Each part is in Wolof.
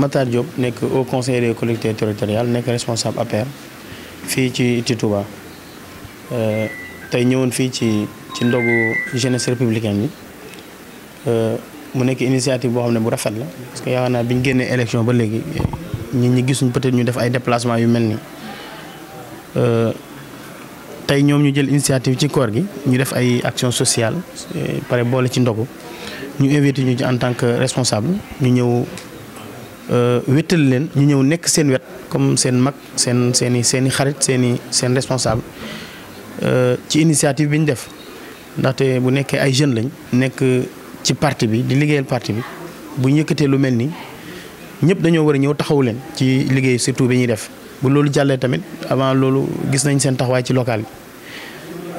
Matar Diop nekk au conseil des collectivités territoriales nekk responsable APR fii ci ci Touba tey ñëwoon fii ci ci ndogu jeunesse républicaine bi Euh, mu nekk initiative boo xam ne bu rafet la parce que yaakaar naa bi ñu génnee élection ba léegi nit ñi gisuñ peut-être ñu def ay déplacement yu mel nii euh, tey ñoom ñu jël initiative ci koor gi ñu def ay action sociale euh, pare boole ci ndogu ñu invité ñu ci en tant que responsable ñu ñëw wétal leen ñu ñëw nekk seen wet comme seen mag seen seen i seen i xarit seen i seen responsable ci initiative bi ñu def ndaxte bu nekkee ay jeunes lañ nekk. ci parti bi di liggéeyal parti bi bu ñëkkatee lu mel nii ñëpp dañoo war a ñëw taxawu leen ci liggéey surtout bi ñuy def bu loolu jàllee tamit avant loolu gis nañ seen taxawaay ci local bi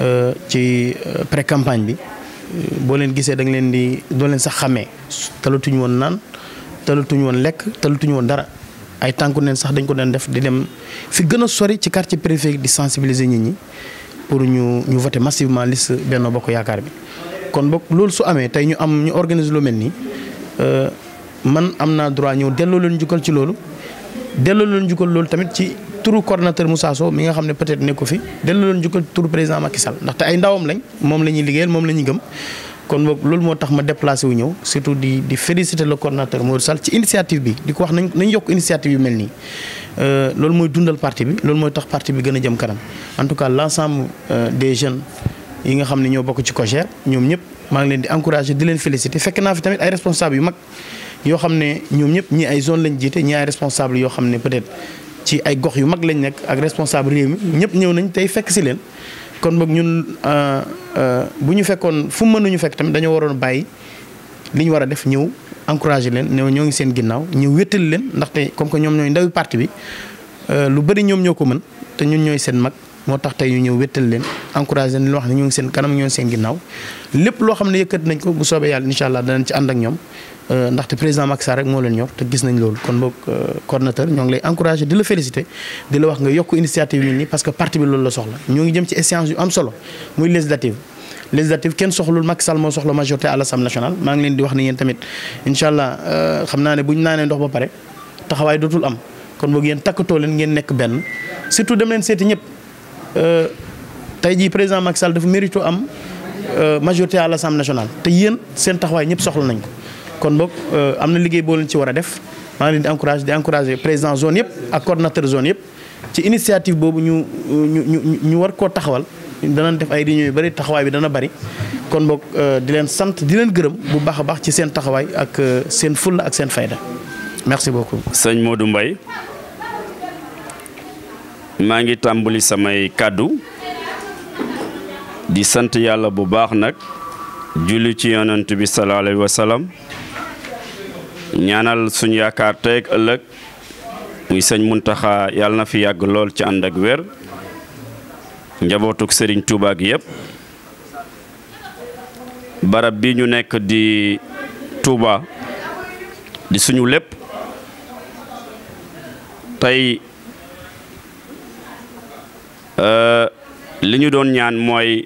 euh, ci euh, pré campagne bi euh, boo leen gisee da leen di doo leen sax xàmmee talatuñu woon naan talatuñu woon lekk talatuñu woon dara ay tànku neen sax dañ ko doon def di dem fi gën a sori ci quartier périphérique di sensibiliser nit ñi pour ñu ñu voter massivement liste Benno Bokk Yaakaar bi kon boog loolu su amee tey ñu am ñu organiser lu mel nii euh, man am naa droit ñëw delloo leen njukkal ci loolu delloo leen njukkal loolu tamit ci turu coordonnateur Moussa Sow mi nga xam ne peut-être nekku fi delloo leen njukkal turu président Macky sal ndaxte ay ndawam lañ moom la ñuy liggéeyal moom la ñuy gëm. kon boog loolu moo tax ma déplacé wu ñëw surtout di di féliciter le cordinateur Modou sal ci initiative bi di ko wax nañ nañ yokk initiative yu mel nii euh, loolu mooy dundal parti bi loolu mooy tax parti bi gën a jëm kanam en tout cas l'ensemble euh, des jeunes. yi nga xam ne ñoo bokk ci COJER ñoom ñëpp maa ngi leen di encouragé di leen félicité fekk naa fi tamit ay responsable yu mag yoo xam ne ñoom ñëpp ñi ay zone lañ jiite ñii ay responsable yoo xam ne peut-être ci ay gox yu mag lañ nekk ak responsable réew mi ñëpp ñëw nañ tey fekk si leen kon boog ñun euh, euh, bu ñu fekkoon fu mën nañu fekk tamit dañoo waroon bàyyi li ñu war a def ñëw encouragé leen ne ñoo ngi seen ginnaaw ñëw wétali leen ndaxte comme que ñoom ñooy ndawi parti bi euh, lu bëri ñoom ñoo ko mën te ñun ñooy seen mag moo tax tey ñu ñëw wettal leen encouragé leen loo xam ne ñu ngi seen kanam ñoo ngi seen ginnaaw lépp loo xam ne yëkkat nañ ko bu soobee yàlla incha allah danañ ci ànd ak ñoom euh, ndaxte président Macky Sall rek moo leen ñor te gis nañ loolu kon boog euh, coordonnateur ñoo ngi lay encouragé di la félicité di nga yokk initiative yi nii parce que parti bi loolu la soxla ñoo ngi jëm ci échéance yu am solo muy législative législative kenn soxlul Macky Sall moo soxla majorité à l'Assemblée nationale maa ngi leen di wax ne yéen tamit incha allah euh, xam naa ne bu ñu naanee ndox ba pare taxawaay dootul am kon boog yéen takkatoo leen ngeen nekk benn surtout dem leen seeti ñëpp Euh, tey jii président Macky Sall dafa mérito am euh, majorité à l'Assemblée nationale te yéen seen taxawaay ñëpp soxla nañ ko kon boog euh, am na liggéey boo leen ci war a def maa ngi leen di encouragé di encouragé président zone yëpp ak coordonnateur yëpp ci initiative boobu ñu ñu ñu war koo taxawal danañ def ay réunion yu bëri taxawaay bi dana bëri kon boog di leen sant di leen gërëm bu baax a baax ci seen taxawaay ak seen fulla ak seen fayda merci beaucoup. sëñ Modou mbay maa ngi tàmbali samay kàddu di sant yàlla bu baax nag julli ci yonent bi sallallahu alayhi wa sallam ñaanal suñ yaakaar teeg ëllëg muy sëñ Muntaxa yàlla na fi yàgg lool ci ànd ak wér njabootuk sëriñ Tuubaa gi yépp barab bi ñu nekk di Touba di suñu lépp tey Euh, li ñu doon ñaan mooy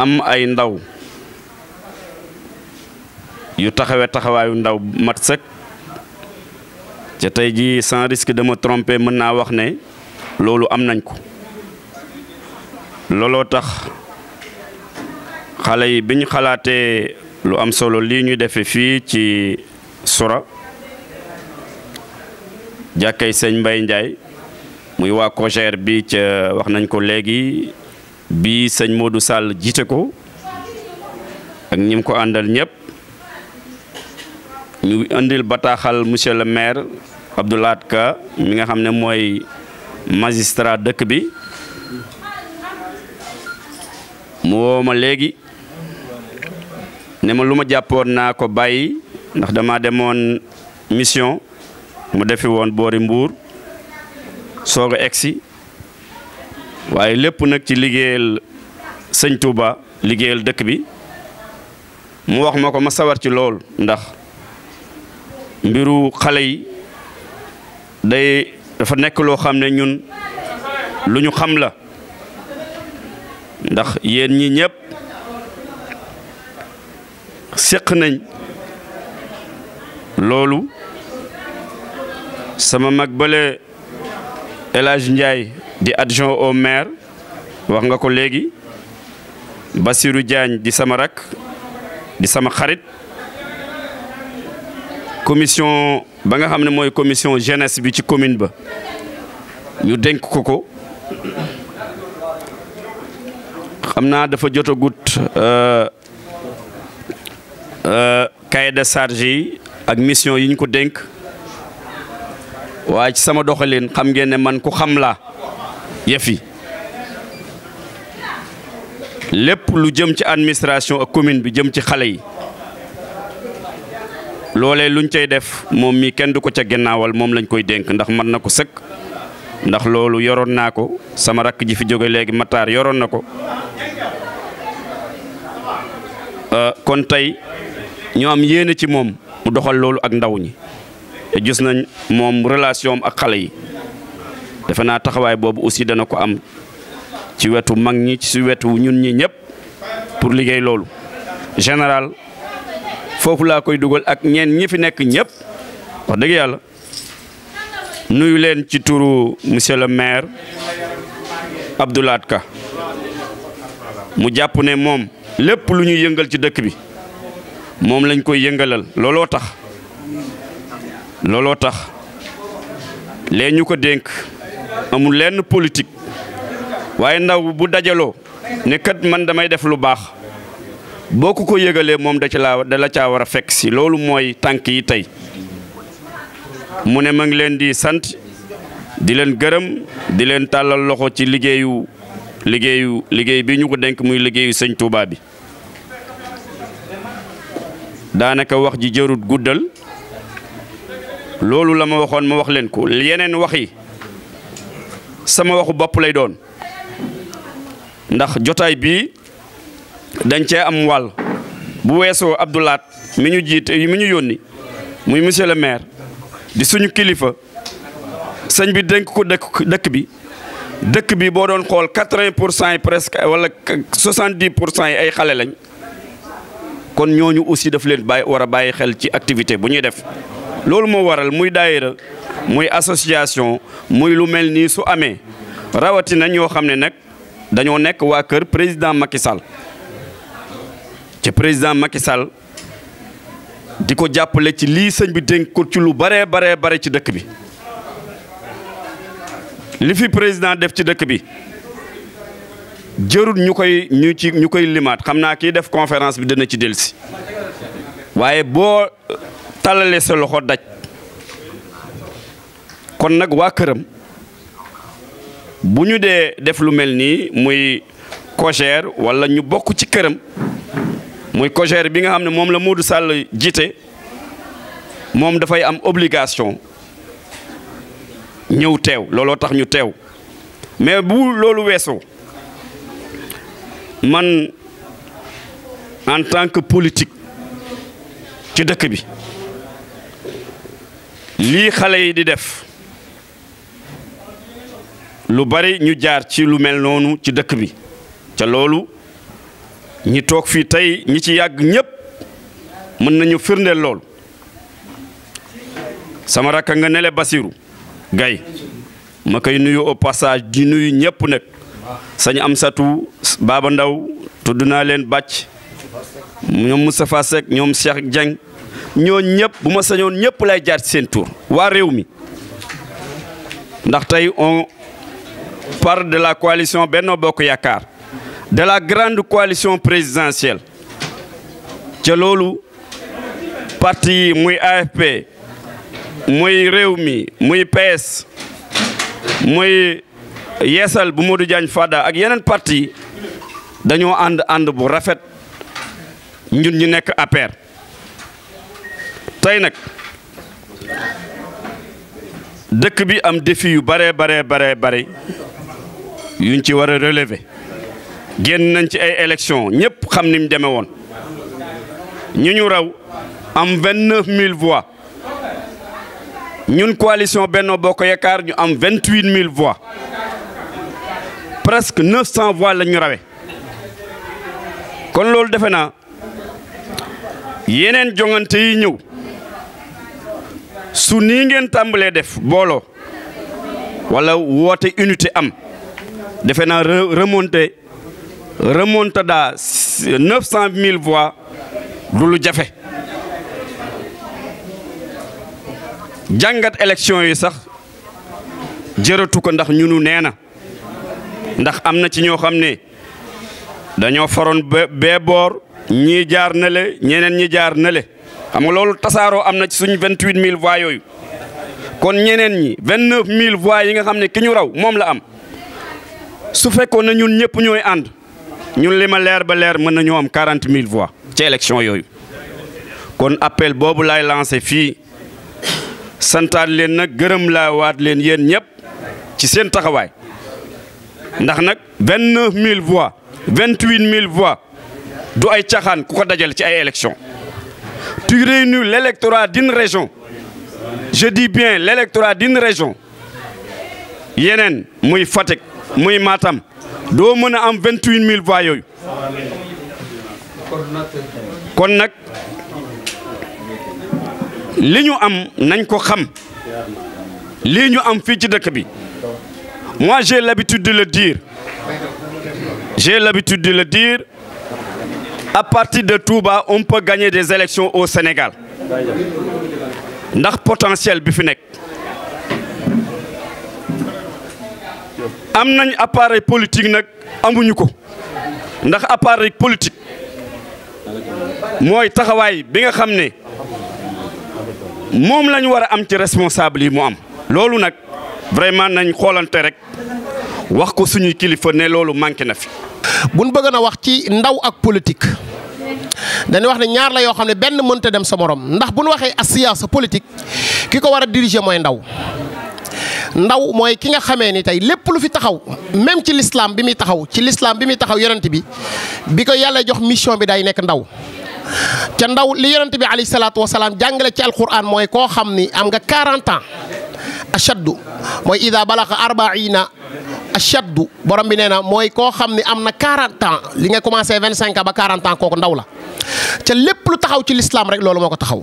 am ay ndaw yu taxawee taxawaayu ndaw mat sëkk ca tey jii sans risque de me mën naa wax ne loolu am nañ ko looloo tax xale yi bi ñu xalaatee lu am solo lii ñu defe fii ci Soura jàkkay sëñ Mbay Njaay muy waa COJER bi ca wax nañ ko léegi bi sëñ Modou Sall jiite ko ak ñi ko àndal ñëpp ñu indil bataaxal monsieur le maire Abdou Lahad mi nga xam ne mooy magistrat dëkk bi mu woo ma léegi ne ma lu ma jàppoon naa ko bàyyi ndax dama demoon mission mu defi woon boori Mbuur soog a egsi waaye lépp nag ci liggéeyal sëñ Touba liggéeyal dëkk bi mu wax ma ko ma sawar ci lool ndax mbiru xale yi day dafa nekk loo xam ne ñun lu ñu xam la ndax yéen ñi ñëpp séq nañ loolu sama mag bële El Hadj Ndiaye di adjoint au maire wax nga ko léegi Bassirou Diagne di sama rak di sama xarit commission ba nga xam ne mooy commission jeunesse bi ci commune ba ñu dénk ko ko xam naa dafa jotagut euh, euh, a gut de charge yi ak mission yiñ ko dénk waaye ci sama doxalin xam ngeen ne man ku xam laa yefi lépp lu jëm ci administration ak commune bi jëm ci xale yi loolee luñ cay def moom mii kenn du ko ca gennaawal moom lañ koy dénk ndax man na ko sëkk ndax loolu yoroon naa ko sama rakk ji fi jóge léegi Matar yoroon na ko euh, kon tey ñoo am yéene ci moom mu doxal loolu ak ndaw ñi gis nañ moom relation am ak xale yi defe naa taxawaay boobu aussi dana ko am ci wetu mag ñi ci wetu ñun ñi ñëpp pour liggéey loolu général foofu laa koy dugal ak ñeen ñi fi nekk ñëpp wax dëgg yàlla nuyu leen ci turu monsieur le maire Abdoulaat Ka mu jàpp ne moom lépp lu ñuy yëngal ci dëkk bi moom lañ koy yëngalal looloo tax looloo tax leen ñu ko dénk amul lenn politik waaye ndaw bu dajaloo ne kat man damay def lu baax boo ko ko yëgalee moom da ci caa war a fekk si loolu mooy tànk yi tey mu ne ma leen di sant di leen gërëm di leen tàllal loxo ci liggéeyu liggéeyu liggéey bi ñu ko dénk muy liggéeyu sëñ Touba bi daanaka wax ji jërut guddal loolu la ma waxoon ma wax leen ko yeneen wax yi sama waxu bopp lay doon ndax jotaay bii dañ cee am wàll bu weesoo Abdoulaat mi ñu jiite mi ñu yónni muy monsieur le maire di suñu kilifa sëñ bi dënk ko dëkk dëkk bi dëkk bi boo doon xool quatre-vingts pour cent yi presque wala soixante-dix pour cent yi ay xale lañ kon ñooñu aussi daf leen bàyyi war a bàyyi xel ci activité bu ñuy def loolu moo waral muy daayira muy association muy lu mel nii su amee rawatina ñoo xam ne nag dañoo nekk waa kër président Macky Sall ci président Macky Sall di ko jàppale ci lii sëñ bi dénk ko ci lu baree baree bare ci dëkk bi li fi président def ci dëkk bi jërul ñu koy ñu ci ñu koy limaat xam naa kii def conférence bi dana ci delsi waaye boo tàllale sa loxo daj kon nag waa këram bu ñu dee def lu mel nii muy COJER walla ñu bokk ci këram muy COJER bi nga xam ne moom la Modou Sall jiite moom dafay am obligation ñëw teew looloo tax ñu teew mais bu loolu weesoo man en tant que politique ci dëkk bi lii xale yi di def lu bari ñu jaar ci lu mel noonu ci dëkk bi ca loolu ñi toog fii tey ñi ci yàgg ñépp mën nañu firndeel lool sama rakk nga nele Basiru Gay ma koy nuyu au passage di nuyu ñépp nag sañ am satu Baaba Ndaw tudd naa leen bàcc ñoom Moustapha Seck ñoom Cheikh Dieng ñoo ñëpp bu ma sañoon ñëpp lay jaar seen tour waa réew mi ndax tey on parle de la coalition Benno Bokk Yaakaar de la grande coalition présidentielle ca loolu parti muy AFP muy réew mi muy PS muy yeesal bu Modou Diagne Fada ak yeneen parti dañoo ànd ànd bu rafet ñun ñu nekk APR tey nag dëkk bi am défi yu bare bare bare bare yuñ ci war a relever génn nañ ci ay élections ñëpp xam ni mu demee woon ñu ñu raw am vingt neuf mille voix ñun coalition Benno Bokk Yaakaar ñu am vingt huit mille voix presque neuf cent voix la ñu kon loolu defe naa yeneen joŋante yi ñëw. su nii ngeen tàmbalee def booloo wala woote unité am defe naa remonte remontada neuf mille voix du lu jafe jàngat élection yi sax jërëtu ko ndax ñunu nee na ndax am na ci ñoo xam ne dañoo faroon bee boor ñii jaar na le ñeneen ñi jaar na le xam nga loolu tasaaroo am na ci suñ vingt huit mille voix yooyu kon ñeneen ñi vingt neuf mille vois yi nga xam ne ki ñu raw moom la am su fekkoon na ñun ñëpp ñooy ànd ñun li ma leer ba leer mën nañoo am quarante mille voix ci élection yooyu kon appel boobu laay lancé fii santaat leen nag gërëm laa waat leen yéen ñëpp ci seen taxawaay ndax nag vingt neuf mille voix vingt huit mille voix du ay caxaan ku ko dajal ci ay élection tu réunis l'électorat d'une région je dis bien l'électorat d'une région yeneen muy Fatick muy Matam doo mën a am vingt huit mille voix yooyu kon nag li ñu am nañ ko xam lii ñu am fii ci dëkk bi moi j'ai l'habitude de le dire j'ai l'habitude de le dire à partir de Touba on peut gagner des élections au Sénégal ndax potentiel bi fi nekk am nañ appareil politique nag amuñu ko ndax appareil politique mooy taxawaay bi nga xam ne moom la ñu war a am ci responsable yi mu am. loolu nag vraiment nañ xoolante rek wax ko suñuy kilifa ne loolu manqué na fi. buñ bëgg na wax ci ndaw ak politique dañuy wax ne ñaar la yoo xam ne benn mënta dem sa moroom ndax bu ñu waxee as sa politique ki ko war a diriger mooy ndaw. ndaw mooy ki nga xamee ni tey lépp lu fi taxaw même ci lislaam bi muy taxaw ci l'islam bi muy taxaw yonent bi bi ko yàlla jox mission bi day nekk ndaw. ca ndaw li yonent bi alayhi salaatu wasalaam jàngale ci alquran mooy koo xam ni am nga 40 ans ashaddu mooy ida balaxa ashaddu borom bi nee na mooy koo xam ni am na 40 ans li nga commencé 25 ans ba 40 ans kooku ndaw la ca lépp lu taxaw ci lislaam rek loolu moo ko taxaw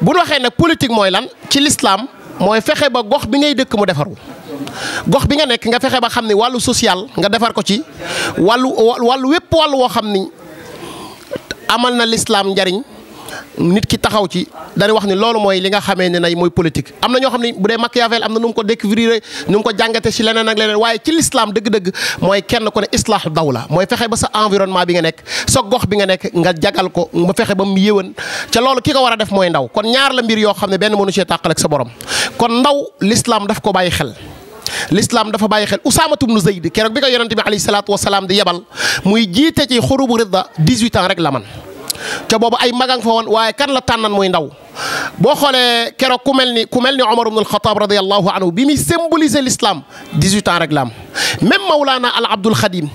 bu ñu waxee nag politique mooy lan ci lislaam mooy fexe ba gox bi ngay dëkk mu defaru gox bi nga nekk nga fexe ba xam ni wàllu social nga defar ko ci wàllu wàllu wépp wàllu woo xam ni amal na lislaam njariñ nit ki taxaw ci dañu wax ni loolu mooy li nga xamee ne nay mooy politique am na ñoo xam ne bu dee Machiavel am na nu mu ko découvrir nu mu ko jàngate si leneen ak leneen waaye ci l'islam dëgg-dëgg mooy kenn ku ne daw la mooy fexe ba sa environnement bi nga nekk sa gox bi nga nekk nga jagal ko nga fexe ba mu yéwén ca loolu ki ko war a def mooy ndaw kon ñaar la mbir yoo xam ne benn mënu see tàqal ak sa borom kon ndaw l'islam daf ko bàyyi xel l'islam dafa bàyyi xel usaamatu bnu zayd keroog bi ko yonente bi alayhi salaatu wasalaam di yebal muy jiite ci xurubu ridda 18 ans rek la man ca boobu ay magang fa woon waaye kan la tànnan muy ndaw boo xoolee keroog ku mel ni ku mel ni Omar ibn al-Khattab radiyallahu anhu bi muy symboliser l'islam 18 ans rek la am même Mawlana al Abdul Khadim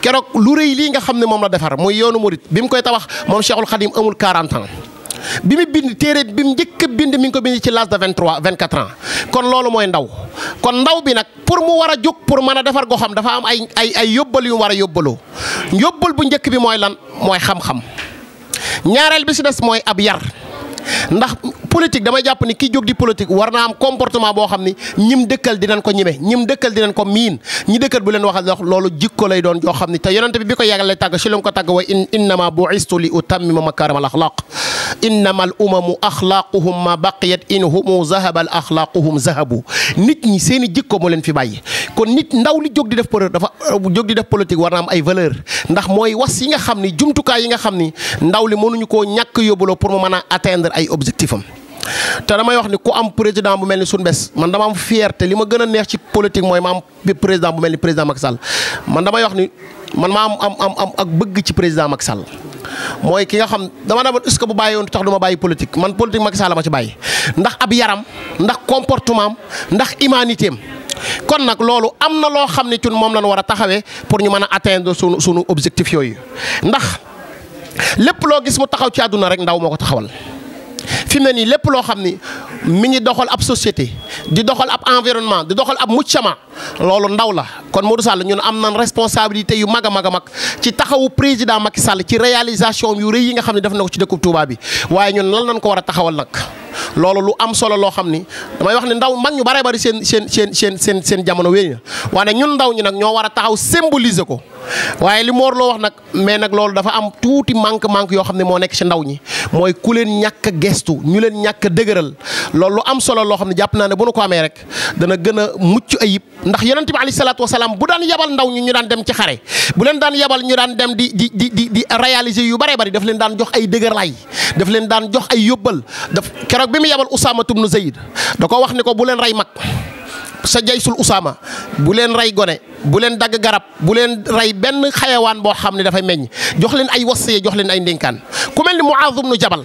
keroog lu rëy lii nga xam ne moom la defar muy yoonu murit bi mu koy tabax moom Cheikhul Khadim amul 40 ans. bi mu bind téere bi mu njëkk bind mi ngi ko bind ci l'âge de 23 24 ans kon loolu mooy ndaw kon ndaw bi nag pour mu war a jóg pour mën a defar goxam dafa am ay ay ay yóbbal yu mu war a yóbbaloo yóbbal bu njëkk bi mooy lan mooy xam-xam. ñaareel bi si des mooy ab yar ndax politique damay jàpp ni ki jóg di politique war naa am comportement boo xam ni ñim dëkkal dinañ ko ñime ñim dëkkal dinañ ko miin ñi dëkkal bu leen wax loolu jikko lay doon joo xam ni te yonent bi bi ko yàggalee tàgg si lañ ko tàgg way in innama bu'istu li utammima makaarimal axlaaq innamal umamu axlaaquhum ma baqiyat in humu zahabal axlaaquhum zahabu nit ñi seen i jikko moo leen fi bàyyi kon nit ndaw li jóg di def politique dafa euh, jóg di def politique war na am ay valeur ndax mooy was yi nga xam ni jumtukaay yi nga xam ni ndaw li mënuñu koo ñàkk yóbbuloo pour ma mën a atteindre ay objectif am te damay wax ni ku am président bu mel ni suñu bés man dama am fierté li ma gën a neex ci politique mooy ma am président bu mel ni président Macky man damay wax ni man ma am am am ak bëgg ci président Macky Sall mooy ki nga xam dama demoon est-ce que bu bàyyi woon tax du ma bàyyi politique man politique Macky Sall ma ci bàyyi ndax ab yaram ndax comportement ndax humanité am kon nag loolu am na loo xam ne cun moom lañ war a taxawee pour ñu mën a atteindre sunu sunu objectif yooyu ndax lépp loo gis mu taxaw ci àdduna rek ndaw moo ko taxawal. fi mu ne nii lépp loo xam ni mi ngi doxal ab société di doxal ab environnement di doxal ab muccama loolu ndaw la kon Modou Sall ñun am nan responsabilité yu mag a mag a mag ci taxawu président Macky Sall ci réalisation yu rëy yi nga xam ne def na ko ci dëkkub Touba bi waaye ñun lan lañ ko war a taxawal nag. loolu lu am solo loo xam ni damay wax ne ndaw mag ñu bare bari seen seen seen seen seen jamono wéy na waaye ñun ndaw ñi nag ñoo war a taxaw symboliser ko. waaye li Mor loo wax nag mais nag loolu dafa am tuuti manque manque yoo xam ne moo nekk ci ndaw ñi mooy ku leen ñàkk gestu ñu leen ñàkk a dëgëral loolu am solo loo xam ne jàpp naa ne bu nu ko amee rek dana gën a mucc ayib ndax yonent bi alayhi salaatu wasalaam bu daan yabal ndaw ñi ñu daan dem ci xare bu leen daan yabal ñu daan dem di di di di di yu bare bari daf leen daan jox ay ay daf leen daan jox ay yóbbal daf keroog bi mu yabal Usaama ibn Zayd da ko wax ne ko bu leen rey mag sa jaysul usaama bu leen rey gone bu leen dagg garab bu leen rey benn xayawaan boo xam ne dafay meññ jox leen ay wasiya jox leen ay ndénkaan ku mel ni Muaaz ibnu Jabal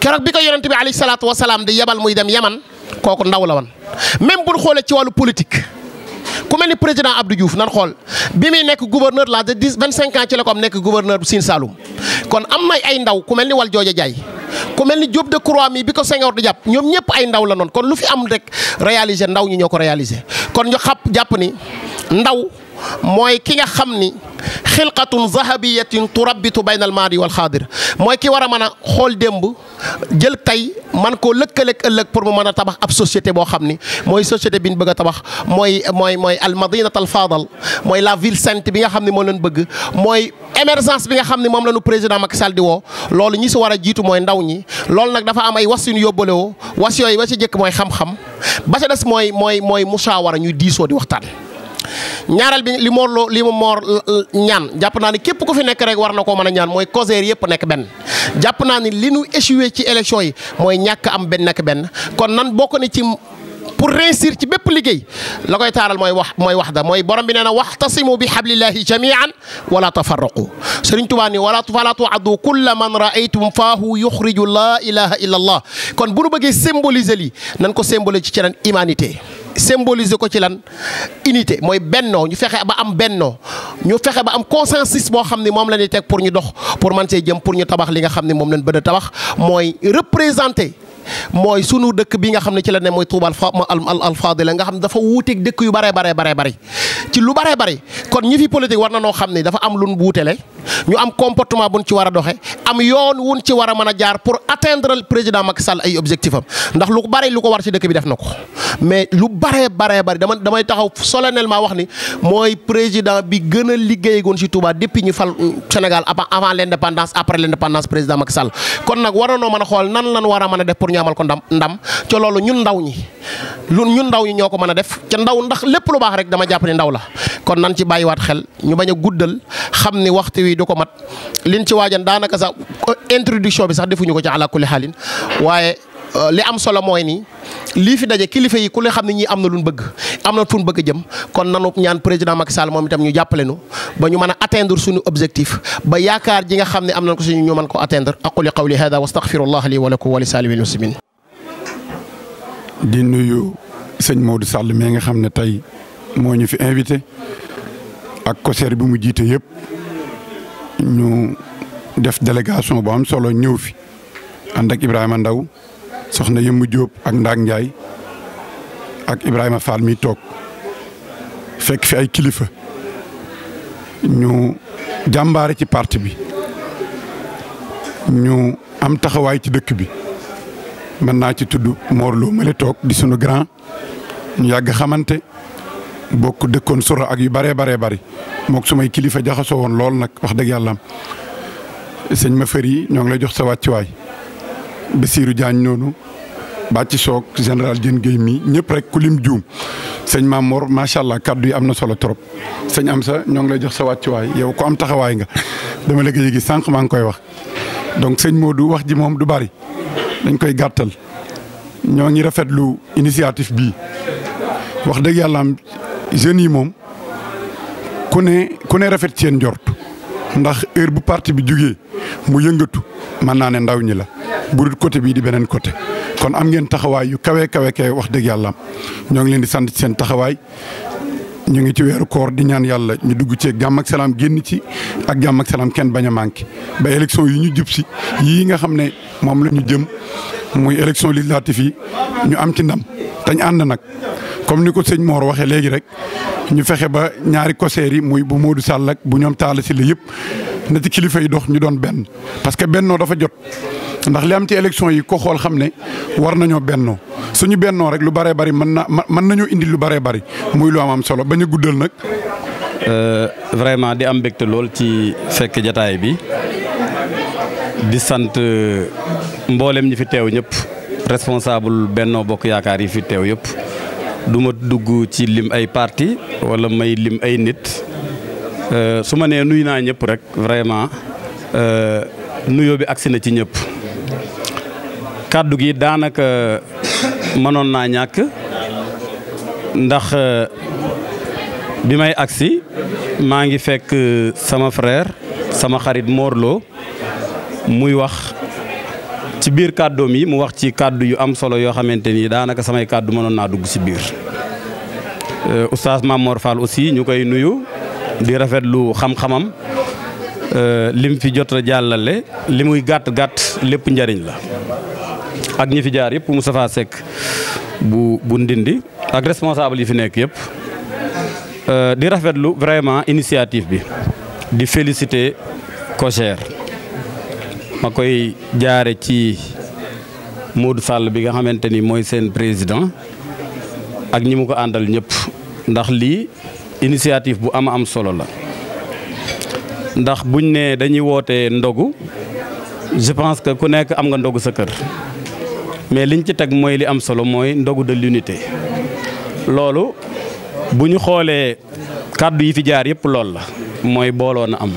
keroog bi ko yonent bi alayhi salaatu wa salaam di yebal muy dem Yaman kooku ndaw la woon même bu ñu xoolee ci wàllu politique. ku mel ni président Abdou Diouf nan xool bi muy nekk gouverneur la de dix vingt cinq ans ci la ko am nekk gouverneur bu Sine kon am na ay ndaw ku mel ni Wal Jooja Jaay ku mel ni Diop de Croix mi bi ko Senghor di jàpp ñoom ñëpp ay ndaw la noon kon lu fi am rek réalisé ndaw ñi ñoo ko réalisé kon ñu xap jàpp ni ndaw mooy ki nga xam ni xilqatun zahabiyatin turabbitu bayna al maadi wal xaadir mooy ki war a mën a xool démb jël tey man koo lëkkaleeg ëllëg pour mu mën a tabax ab société boo xam ni mooy société bi bëgg a tabax mooy mooy mooy al madinat al fadal mooy la ville sainte bi nga xam ne moom lañ bëgg mooy émergence bi nga xam ne moom la ñu président Macky Sall di woo loolu ñi si war a jiitu mooy ndaw ñi loolu nag dafa am ay was yu ñu yóbbale woo was yooyu ba ci jëkk mooy xam-xam ba ca des mooy mooy mooy musaawara ñuy diisoo di waxtaan ñaaral bi li Mor Lo li mu Mor ñaan jàpp naa ni képp ku fi nekk rek war na koo mën a ñaan mooy causerie yëpp nekk benn jàpp naa ni li nu échoué ci élection yi mooy ñàkk am benn nekk benn kon nan bokk ne ci pour réussir ci bépp liggéey la koy taaral mooy wax mooy wax da mooy borom bi nee na waxtasimu bi hablillahi jamian wala tafarraqu sëriñ tubaa ni wala falaa tuaddu kulla man raaytum faahu yuxriju laa ilaha illa allah kon bu nu bëggee symboliser lii nan ko symboliser ci ci ren symboliser ko ci lan unité mooy bennoo ñu fexe ba am bennoo ñu fexe ba am consensus boo xam ni moom la ñuy teg pour ñu dox pour man see jëm pour ñu tabax li nga xam ne moom lañ bëgg a tabax mooy représenté mooy sunu dëkk bi nga xam ne ci la ne mooy Touba al Fadila nga xam dafa wuuteeg dëkk yu baree baree baree bëri ci lu baree bëri kon ñi fi politique war na noo xam ne dafa am lu wuutele ñu am comportement buñ ci war a doxe am yoon wuñ ci war a mën a jaar pour atteindre le président Macky Sall ay objectif am ndax lu bari lu ko war ci dëkk bi def na mais lu baree baree bëri dama damay taxaw solennellement wax ni mooy président bi gën a liggéeyagoon ci Touba depuis ñu fal Sénégal avant l' indépendance après l' indépendance président Macky a xool nan lan ñu amal ko ndam ndam ca ñun ndaw ñi lu ñun ndaw ñi ñoo ko mën a def ca ndaw ndax lépp lu baax rek dama jàpp ni ndaw la kon nan ci waat xel ñu bañ a guddal xam ni waxtu wi du ko mat liñ ci waajan daanaka sax introduction bi sax defuñu ko ca ala kulli waaye Euh, li am solo mooy nii lii fi daje kilifa yi ku le xam ne ñii am na lu bëgg am na fu bëgg jëm kon nanu ñaan président Macky Sall moom itam ñu jàppale nu ba ñu mën a atteindre suñu objectif ba yaakaar ji nga xam ne am nañ ko suñu ñu mën ko atteindre aquli qawli hada wa astaghfirullah li wa lakum wa li saalibil muslimin di nuyu sëñ Maodo Sall mais nga xam ne tey moo ñu fi invité ak concert bi mu jiite yëpp ñu def délégation bu am solo ñëw fi ànd ak Ibrahima Ndaw soxna mu Jóob ak Ndaak Njaay ak Ibrahima Fall mi toog fekk fi ay kilifa ñu jàmbaare ci parti bi ñu am taxawaay ci dëkk bi mën naa ci tudd Mor Lo toog di sunu grand ñu yàgg xamante bokk dëkkoon sura ak yu baree baree bari mook sumay kilifa jaxasoo woon lool nag wax dëgg yàlla am ma fër yi ñoo ngi lay jox sa wàccuwaay Bassirou Diagne noonu bàcci soog général Diène Gueye mi ñëpp rek ku lim juum sëñ Mamor macha allah kaddu yi am na solo trop sëñ Amsa ñoo ngi lay jox sa wàccuwaay yow ko am taxawaay nga dama la gëj gi sànq maa ngi koy wax. donc sëñ du wax ji moom du bari dañ koy gàttal ñoo ngi rafetlu initiative bi wax dëgg yàlla am jeunes yi moom ku ne ku ne rafet ci seen jor ndax heure bu parti bi jugee mu yëngatu mën naa ne ndaw ñi la. bu dul côté bii di beneen côté kon am ngeen taxawaay yu kawe kawe kawe wax dëgg yàlla ñoo ngi leen di sant ci seen taxawaay. ñu ngi ci weeru koor di ñaan yàlla ñu dugg ci jàmm ak salaam génn ci ak jàmm ak salaam kenn bañ a manqué ba élection yi ñu jub si yii nga xam ne moom la ñu jëm muy élection législative fii ñu am ci ndam te ñu nag. comme ni ko sëñ Mor waxee léegi rek ñu fexe ba ñaari koseer yi muy bu Modou Sall ak bu ñoom Talla Sylla yëpp na ci kilifa yi dox ñu doon benn parce que bennoo dafa jot. ndax li am ci élection yi ko xool xam ne war nañoo bennoo suñu bennoo rek lu bëree bari mën na mën nañoo indi lu bëree bëri muy lu am am solo ba ñu guddal nag. Euh, vraiment di am mbégte lool ci fekk jataay bi di sant euh, mboolem ñi fi teew ñëpp responsable Benno Bokk Yaakaar yi fi teew yëpp. du ma dugg ci lim ay parti wala may lim ay nit euh, su ma nee nuyu naa ñëpp rek vraiment euh, nuyoo bi agsi na ci ñëpp kàddu gi daanaka mënoon naa ñàkk ndax euh, bi may agsi maa ngi fekk sama frère sama xarit moorloo muy wax biir kàddoom yi mu wax ci kàddu yu am solo yoo xamante ni daanaka samay kàddu mënoon naa dugg si biir euh, oustaz Mamor Fall aussi ñu koy nuyu di rafetlu xam-xamam euh, lim fi jot jàllale li muy gàtt gàtt lépp njariñ la ak ñi fi jaar yëpp Moustapha Seck bu bu ndindi ak responsable yi fi nekk yëpp euh, di rafetlu vraiment initiative bi di féliciter Cojer ma koy jaare ci Modou Fall bi nga xamante ni mooy seen président ak ñi mu ko àndal ñëpp ndax lii initiative bu am am solo la ndax buñ nee dañuy woote ndogu je pense que ku nekk am nga ndogu sa kër mais liñ ci teg mooy li am solo mooy ndogu de l'unité loolu bu ñu xoolee kàddu yi fi jaar yëpp lool la mooy booloon a am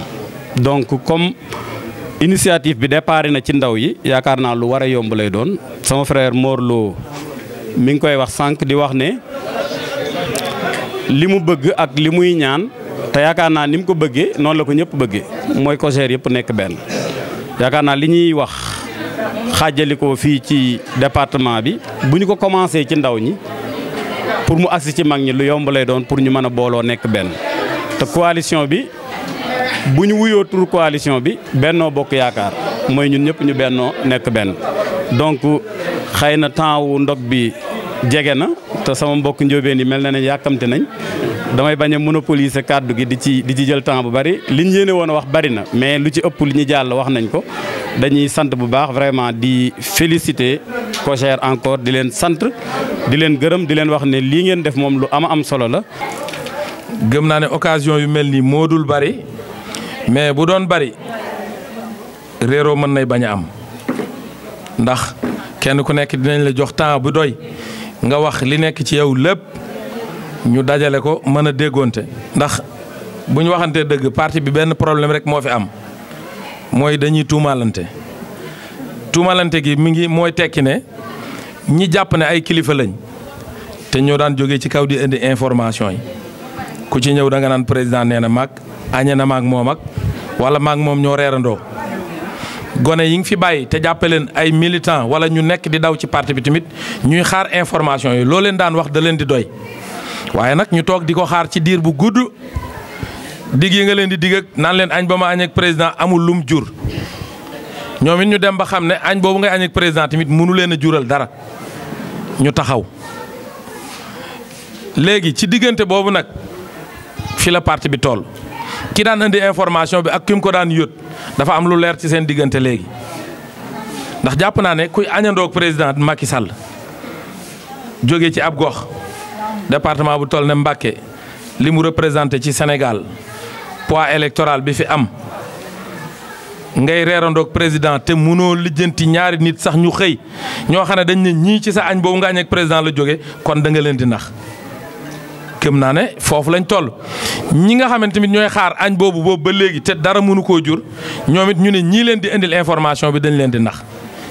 donc comme initiative bi départ na ci ndaw yi yaakaar naa lu war a yomb lay doon sama frère moorloo Lo mi ngi koy wax sànq di wax ne li mu bëgg ak li muy ñaan te yaakaar naa ni mu ko bëggee noonu la ko ñëpp bëggee mooy COJER yëpp nekk benn. yaakaar naa li ñuy wax xaajali ko fii ci département bi bu ñu ko commencé ci ndaw ñi pour mu agsi ci mag ñi lu yomb lay doon pour ñu mën a booloo nekk benn te coalition bi. bu ñu wuyoo tur coalition bi bennoo bokk yaakaar mooy ñun ñëpp ñu bennoo nekk benn donc xëy na temps wu ndog bi jege na te sama mbokk njóobeen yi mel na ne yàkkamte nañ damay bañ a monopoliser kàddu gi di ci di ci jël temps bu bari liñ yéene woon a wax bari na mais lu ci ëpp lu ñu jàll wax nañ ko dañuy sant bu baax vraiment di féliciter Cojer encore di leen sant di leen gërëm di leen wax ne lii ngeen def moom lu ama am solo la. gëm naa ne occasion yu mel nii moo bari mais bu doon bari réeroo mën nay bañ a am ndax kenn ku nekk dinañ la jox temps bu doy nga wax li nekk ci yow lépp ñu dajale ko mën a déggoonte ndax bu ñu waxantee dëgg parti bi benn problème rek moo fi am mooy dañuy tuumalante tuumaalante gi mi ngi mooy tekki ne ñi jàpp ne ay kilifa lañ te ñoo daan jóge ci kaw di indi information yi. ku ci ñëw da nga naan président nee na añe na maag moom ak wala maag moom ñoo reerandoo gone yi ngi fi bàyyi te jàppe leen ay militant wala ñu nekk di daw ci parti bi tamit ñuy xaar information yi loo leen daan wax da leen di doy waaye nag ñu toog di ko xaar ci diir bu gudd dig yi nga leen di dig naan leen añ ba ma añ président amul lum jur ñoom it ñu dem ba xam ne añ boobu ngay añ président tamit munu leen a jural dara ñu taxaw léegi fi la parti bi tool ki daan indi information bi ak ki mu ko daan yót dafa am lu leer ci seen diggante léegi ndax jàpp naa ne kuy añandoog président Macky Sall jóge ci ab gox département bu toll ne Mbacké li mu représenté ci Sénégal poids électoral bi fi am ngay reerandoog président te munoo lijjanti ñaari nit sax ñu xëy ñoo xam ne dañ ne ñii ci sa añ boobu nga añ président la jóge kon da nga leen di nax gëm naa ne foofu lañu toll ñi nga xamante ni ñooy xaar añ boobu boobu ba léegi te dara munu koo jur ñoomit ñu ne ñii leen di indil information bi dañ leen di nax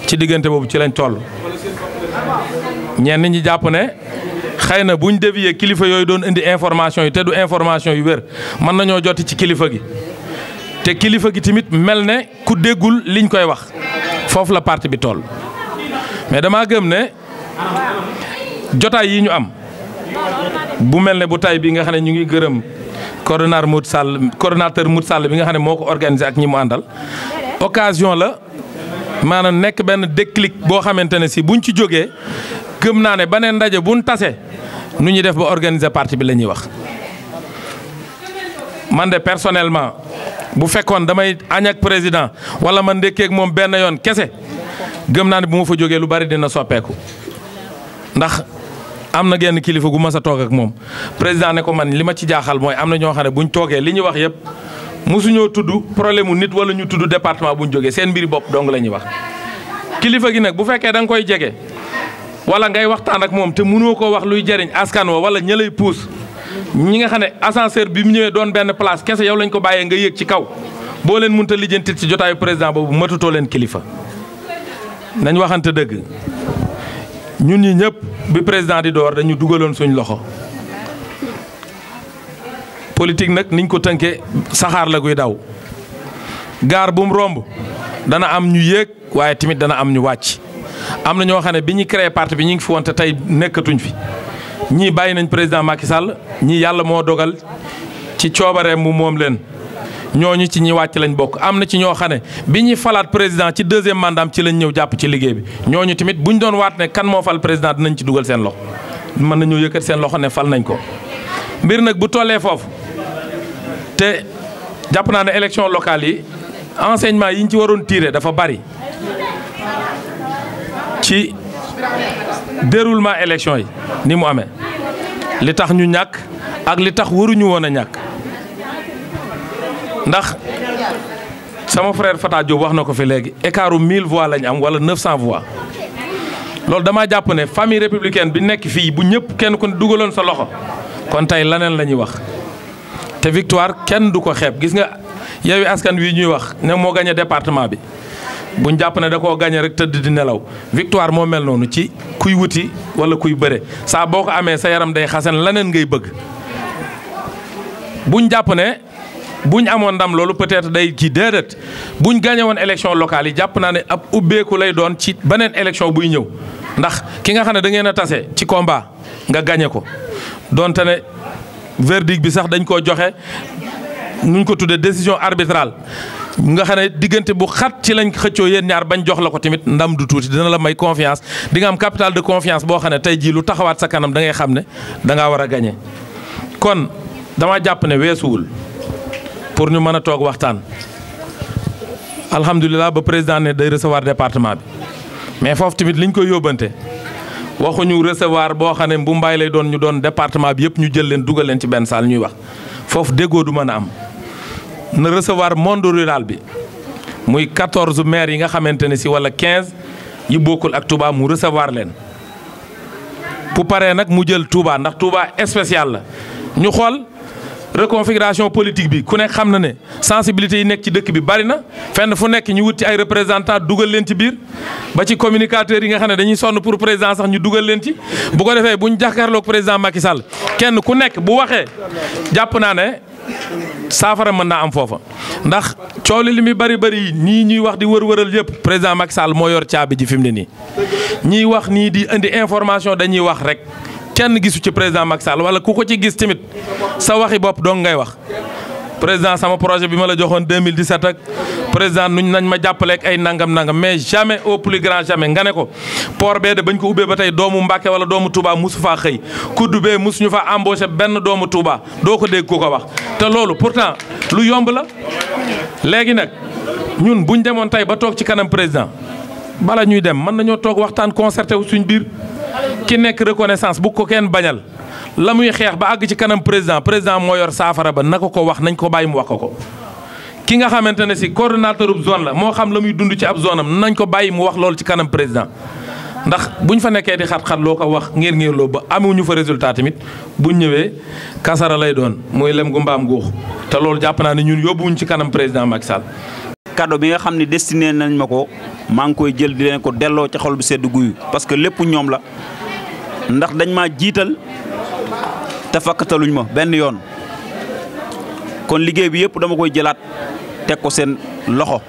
ci diggante boobu ci lañ ñeen ñenn ñu jàpp ne xëy na buñ dévier kilifa yooyu doon indi information yi te du information yu wér mën nañoo joti ci kilifa gi te kilifa gi tamit mel ne ku déggul liñ koy wax foofu la parti bi toll mais dama gëm ne jotaay yi ñu am. bu mel ne bu tay bi nga xam ne ñu ngi gërëm coordonnateur Mout Sall coordonnateur Mout Sall bi nga xam ne moo ko organisé ak ñi mu àndal occasion la maanaam nekk benn déclic boo xamante ne si buñ ci jógee gëm naa ne beneen ndaje buñ tase nu ñuy def ba organiser parti bi lañuy wax. man de personnellement bu fekkoon damay añ ak président wala man ndékkeeg moom benn yoon kese gëm naa ne bu ma fa jógee lu bari dina soppeeku ndax. am na genn kilifa gu mas a toog moom président ne ko man li ma ci jaaxal mooy am na ñoo xam ne buñ toogee li ñu wax yëpp mosuñoo tudd problème mu nit wala ñu tudd département bu ñu jógee seen mbiri bopp dong la ñuy wax. kilifa gi nag bu fekkee da nga koy jege wala ngay waxtaan ak moom te mënoo ko wax luy jariñ askan wa wala ña lay puus ñi nga xam ne ascenseur bi mu ñëwee doon benn place kese yow lañ ko bàyyee nga yéeg ci kaw boo leen mënta lijjantit ci jotaayu président boobu matutoo leen kilifa nañ waxante dëgg. ñun ñi ñëpp bi président di door dañu dugaloon suñ loxo politique nag niñ ko tënkee saxaar la guy daw gaar bu romb dana am ñu yéeg waaye tamit dana am ñu wàcc am na ñoo xam ne bi ñu créé parti bi ñu ngi fi woon tey nekkatuñ fi ñii bàyyi nañ président Macky Sall ñii yàlla moo dogal ci coobareem mu moom leen ñooñu ci ñi wàcc lañu bokk am na ci ñoo xam ne bi ñuy falaat président ci deuxième mandat ci lañ ñëw jàpp ci liggéey bi ñooñu tamit bu ñu doon waat ne kan moo fal président dinañ ci dugal seen loxo mën nañoo yëkkat seen loxo ne fal nañ ko. mbir nag bu tollee foofu te jàpp naa ne élection locale yi enseignement yi ñu ci waroon tirer dafa bari ci déroulement élection yi ni mu amee li tax ñu ñàkk ak li tax waruñu woon a ñàkk. ndax sama frère Fata Diop wax na ko fi léegi écartu 1000 voix lañ am wala 900 voix loolu damaa jàpp ne famille républicaine bi nekk fii bu ñëpp kenn ku dugaloon sa loxo kon tey laneen la ñuy wax te victoire kenn du ko xeeb gis nga Yewwi Askan Wi ñuy wax ne moo gagné département bi buñ jàpp ne da koo gagné rek tëdd di nelaw victoire moo mel noonu ci kuy wuti wala kuy bëre saa boo ko amee sa yaram day xasan laneen ngay bëgg buñ jàpp ne buñ amoon ndam loolu peut-être day kii déedéet buñ gagné woon élection locale yi jàpp naa ne ab ubbeeku lay doon ci beneen élection buy ñëw ndax ki nga xam ne da ngeen a tase ci combat nga gagné ko donte ne verdict bi sax dañ koo joxe nuñ ko tuddee décision arbitrale nga xam ne diggante bu xat ci lañ xëccoo yéen ñaar bañ jox la ko tamit ndam du tuuti dina la may confiance di nga am capital de confiance boo xam ne tey jii lu taxawaat sa kanam da ngay xam ne da ngaa war a gagné kon dama jàpp ne weesuwul. pour ñu mën a toog waxtaan alhamdulilah ba président ne day recevoir département bi mais foofu tamit liñ koy yóbbante waxuñu resevoir boo xam ne bu mbaay lay doon ñu doon département bi yëpp ñu jël leen dugal leen ci benn salle ñuy wax foofu déggoo du mën a am na recevoir monde rural bi muy 14 maires yi nga xamante ne si wala 15 yi bokkul ak Touba mu recevoir leen bu paree nag mu jël Touba ndax Touba spécial la ñu xool. reconfiguration politique bi ku nekk xam na ne sensibilité yi nekk ci dëkk bi bari na fenn fu nekk ñu wut ci ay représentants dugal leen ci biir ba ci communicateurs yi nga xam ne dañuy sonn pour président sax ñu dugal leen ci. bu ko defee bu ñu jàkkaarloog président Macky kenn ku nekk bu waxee jàpp naa ne saafara mën naa am foofa ndax coow li muy bari bari nii ñuy wax di wër-wëral yëpp président Macky moo yor caabi ji fi mu ne nii. ñuy wax nii di indi information dañuy wax rek. kenn gisu ci président Macky Sall wala ku ko ci gis tamit sa waxi bopp dong ngay wax président sama projet bi ma la joxoon mille 2017 ak président nuñ nañ ma jàppaleek ay nangam nangam mais jamais au plus grand jamais nga ne ko por bee de bañ ko ubbee ba tey doomu Mbàkke wala doomu Touba musu faa xëy kudd bee mosuñu fa embauché benn doomu Touba doo ko dégg ku ko wax te loolu pourtant lu yomb la léegi nag ñun buñ demoon tey ba toog ci kanam président bala ñuy dem mën nañoo toog waxtaan concerté wu suñ biir ki nekk reconnaissance bu ko kenn bañal la muy xeex ba àgg ci kanam président président moo yor saafara ba na ko ko wax nañ ko bàyyi mu wax ko ko. ki nga xamante ne si coordonnateur ub zone la moo xam la muy dund ci ab zone am nañ ko bàyyi mu wax loolu ci kanam président ndax bu ñu fa nekkee di xat-xat loo ko wax ngir ngir loo ba amuñu fa résultat tamit buñ ñëwee kasara lay doon muy lem gu mbaam guux te loolu jàpp naa ne ñun yóbbu yóbbuwuñ ci kanam président Macky Sall cadeau bi nga xam ne destiné nañ ma ko maa ngi koy jël di leen ko delloo ci xol bu sedd guyu parce que lépp ñoom la ndax dañ maa jiital te fakkataluñ ma benn yoon kon liggéey bi yëpp dama koy jëlaat teg ko seen loxo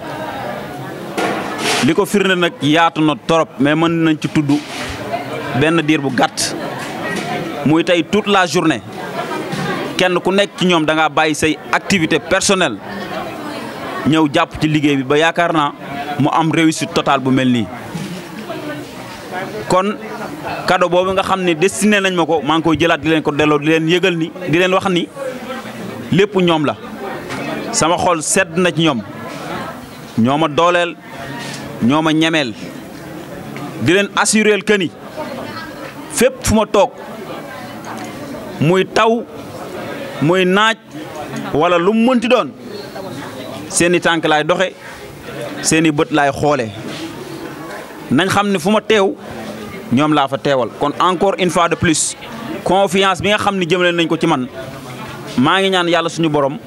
li ko firnde nag yaatu na trop mais mën nañ ci tudd benn diir bu gàtt muy tey toute la journée kenn ku nekk ci ñoom da ngaa bàyyi say activité personnelle ñëw jàpp ci liggéey bi ba yaakaar naa mu am réussite totale bu mel nii kon kado boobu nga xam ne destiné nañ ma ko maa ngi koy jëlaat di leen ko delloo di leen yëgal ni di leen wax ni lépp ñoom la sama xol sedd na ci ñoom ñoo ma dooleel ñoo ma ñemeel di leen assureel que ni fépp fu ma toog muy taw muy naaj walla lu mënti doon. seeni tànk lay doxe seeni bët laay xoole nañ xam ne fu ma teew ñoom laa fa teewal kon encore une fois de plus confiance bi nga xam ne jëmale nañ ko ci man maa ngi ñaan yàlla suñu borom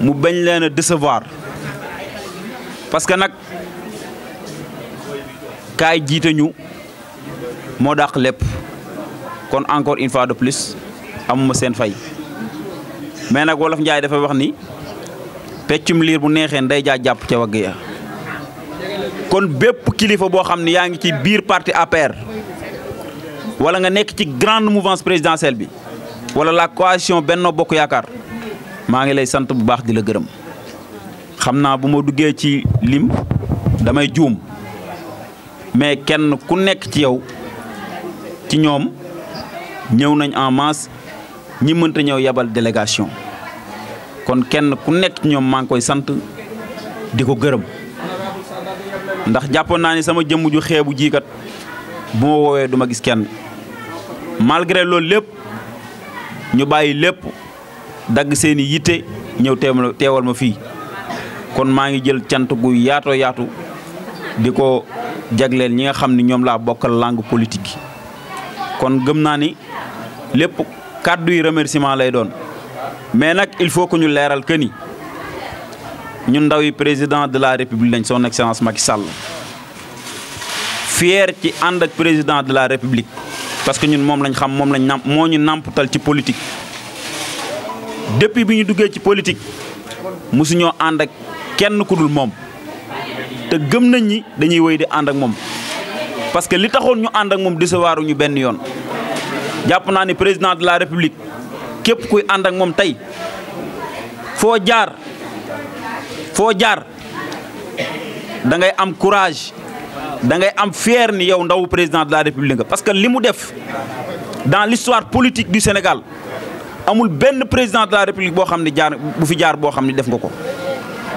mu bañ leen a parce que nag kaay jiite moo dàq lépp kon encore une fois de plus amuma seen fay mais nag wolof Njaay dafay wax ni peccum liir bu neexee nday jaa jàpp ca wagg ya kon bépp kilifa boo xam ne yaa ngi ci biir parti APR wala nga nekk ci grande mouvance présidentielle bi wala la coalition Benno Bokk Yaakaar maa ngi lay sant bu baax di la gërëm xam naa bu ma duggee ci lim damay juum mais kenn ku nekk ci yow ci ñoom ñëw nañ en masse ñi mënta ñëw yebal délégation kon kenn ku nekk ñoom maa ngi koy sant di ko gërëm ndax jàppoon naa ni sama jëmm ju xeebu jiikat bu ma woowee du ma gis kenn malgré loolu lépp ñu bàyyi lépp dagg seeni yitte ñëw teewal ma fii kon maa ngi jël cant gu yaatoo yaatu di ko jagleel ñi nga xam ni ñoom laa bokkal langue politique gi kon gëm naa ni lépp kàddu yi remerciement lay doon mais nag il faut que ñu leeral que ni ñun ndaw yi président de la république lañ son excellence Macky Sall fier ci ànd ak président de la république parce que ñun moom lañ xam moom lañ namp moo ñu namputal ci politique. depuis bi ñu duggee ci politique mosuñoo ànd ak kenn ku dul moom te gëm nañ ñi dañuy wéy di ànd ak moom parce que li taxoon ñu ànd ak moom décevoir ñu benn yoon jàpp naa ni président de la république. képp kuy ànd ak moom tey foo jaar foo jaar da ngay am courage dangay am fier ni yow ndawu président de la république nga parce que li mu def dans l'histoire politique du Sénégal amul benn président de la république boo xam ne jaar bu fi jaar boo xam ne def nga ko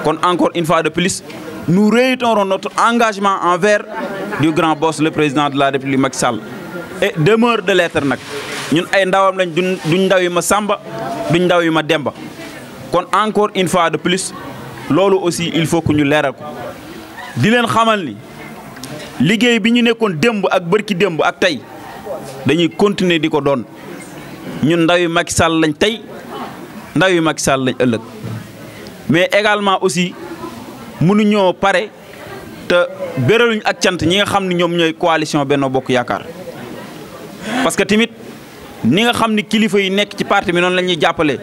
kon encore une fois de plus nous réitérons notre engagement envers du grand boss le président de la république Macky Sall et demeure de l'être nag ñun ay ndawam lañ duñ duñ ndaw ma sàmba duñ ndaw yi ma demba kon encore une fois de plus loolu aussi il faut que ñu leeral ko di leen xamal ni liggéey bi ñu nekkoon démb ak bërki démb ak tey dañuy continuer di ko doon ñun ndaw yi Macky Sall lañ tey ndaw yi Macky Sall lañ ëllëg mais également aussi mënuñoo pare te béraluñ ak cant ñi nga xam ne ñoom ñooy coalition benn Bokk Yaakaar parce que ni nga xam ni kilifa yi nekk ci parti bi noonu la ñuy jàppale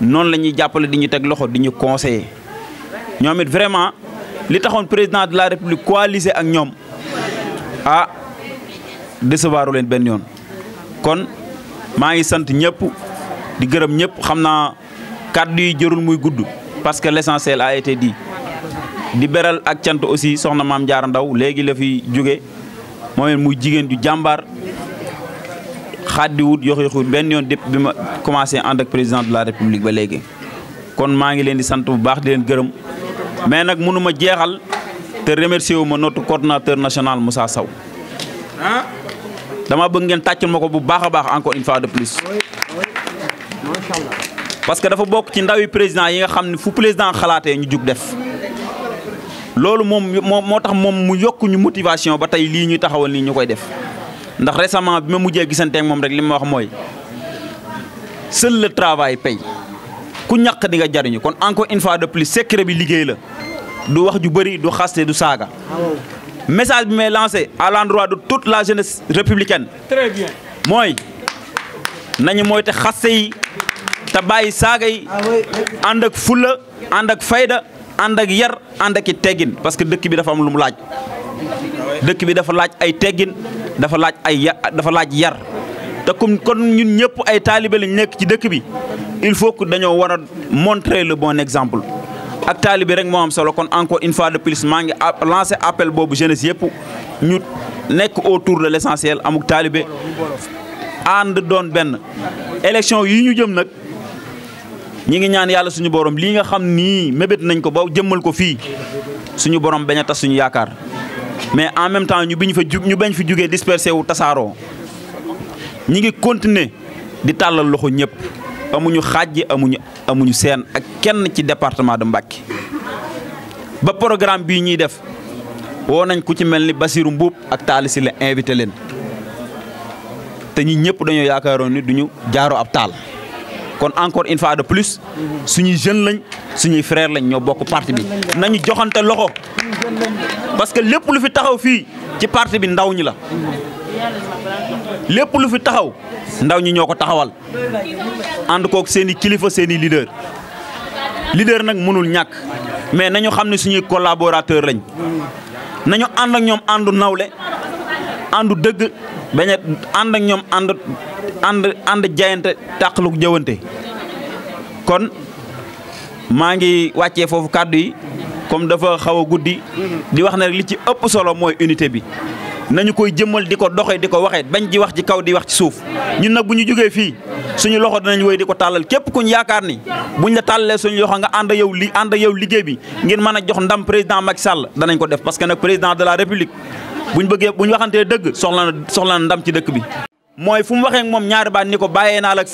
noonu la ñuy jàppale di ñu teg loxo di ñu conseiller ñoom it vraiment li taxoon président de la république coalisé ak ñoom ah décevoiru leen benn yoon. kon maa ngi sant ñëpp di gërëm ñëpp xam naa kàddu yi jërul muy gudd parce que les l'essentiel a été di di beral ak cant aussi soxna maam Jaara Ndaw léegi la fi jóge moom muy jigéen du jàmbaar. xàddiwut yox yoxut benn yoon dépp bi ma commencé ànd ak président de la république ba léegi kon maa ngi leen di sant bu baax di leen gërëm mais nag mënu ma jeexal te remercier wu ma notre coordonnateur national Moussa saw dama bëgg ngeen tàccul ma ko bu baax a baax encore une fois de plus parce que dafa bokk ci ndawi président yi nga xam ne fu président xalaatee ñu jug def loolu moom moo moo tax moom mu yokk ñu motivation ba tey lii ñuy taxawal nii ñu koy def ndax récemment bi ma mujjee gisante ak moom rek li ma wax mooy seul le travail paye ku ñaq di nga jariñu kon encore une fois de plus secret bi liggéey la du wax ju bëri du xaste du saaga. message bi may lancé à l'endroit de toute la jeunesse républicaine. très mooy nañu mooy te xaste yi te bàyyi saaga yi ah ànd ak fulla ànd ak fayda ànd ak yar ànd aki i teggin parce que dëkk bi dafa am lu mu laaj. dëkk bi dafa laaj ay teggin dafa laaj ay ya dafa laaj yar te kum kon ñun ñëpp ay taalibe lañ nekk ci dëkk bi il faut que dañoo war a montrer le bon exemple ak taalibe rek moo am solo kon encore une fois de plus maa ngi lancé appel boobu jeunesse yëpp ñu nekk autour le l' essentiel amuk taalibe ànd doon benn élection yi ñu jëm nag ñi ngi ñaan yàlla suñu borom lii nga xam nii mébét nañ ko ba jëmmal ko fii suñu borom bañ a tas suñu yaakaar mais en même temps ñu bi ñu fa jug ñu bañ fi jugee dispersé wu tasaaroo ñi ngi continuer di tàllal loxo ñëpp amuñu xaaj amuñu amuñu seen ak kenn ci département de Mbacké ba programme bi ñuy def woo nañ ku ci mel ni basiiru Mbuub ak Talla Sylla la invité leen te ñi ñëpp dañoo yaakaaroon ni duñu jaaroo ab taal kon encore une fois de plus suñuy jeune lañ suñuy frère lañ ñoo bokk parti bi nañu joxante loxo parce que lépp lu fi taxaw fii ci parti bi ndaw ñi la lépp lu fi taxaw ndaw ñi ñoo ko taxawal ànd kook seen i kilifa seen i leader leader nag mënul ñàkk mais nañu xam ne suñuy collaborateur lañ nañu ànd ak ñoom àndu nawle and dëgg bañ a ñoom ànd ànd ànd jaayante tàqalu jëwante kon maa ngi wàccee foofu kàddu yi comme dafa xaw a guddi di wax na rek li ci ëpp solo mooy unité bi nañu koy jëmmal di ko doxee di ko waxee bañ ji wax ci kaw di wax ci suuf ñun nag bu ñu jógee fii suñu loxo danañ woy di ko tàllal képp kuñ yaakaar ni bu buñ la tàllalee suñu loxo nga ànd yow li ànd yow liggéey bi ngir mën a jox ndam président Macky Sall danañ ko def parce que nag président de la république bu buñ bëggee buñ waxantee dëgg soxla na soxla ndam ci dëkk bi. mooy fu mu waxee moom ñaari baat ni ko bàyyee naa la ak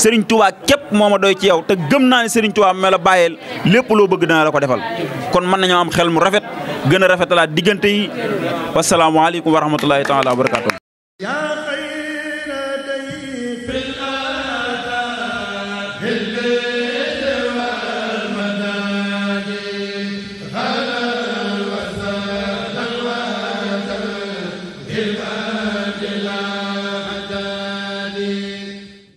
Serigne Touba képp moo ma doy ci yow te gëm naa ne Serigne Touba ma la bàyyeel lépp loo bëgg dana la ko defal kon mën nañoo am xel mu rafet gën a rafetalaat diggante yi wasalaamualeykum wa rahmatulahi taala wa barakatu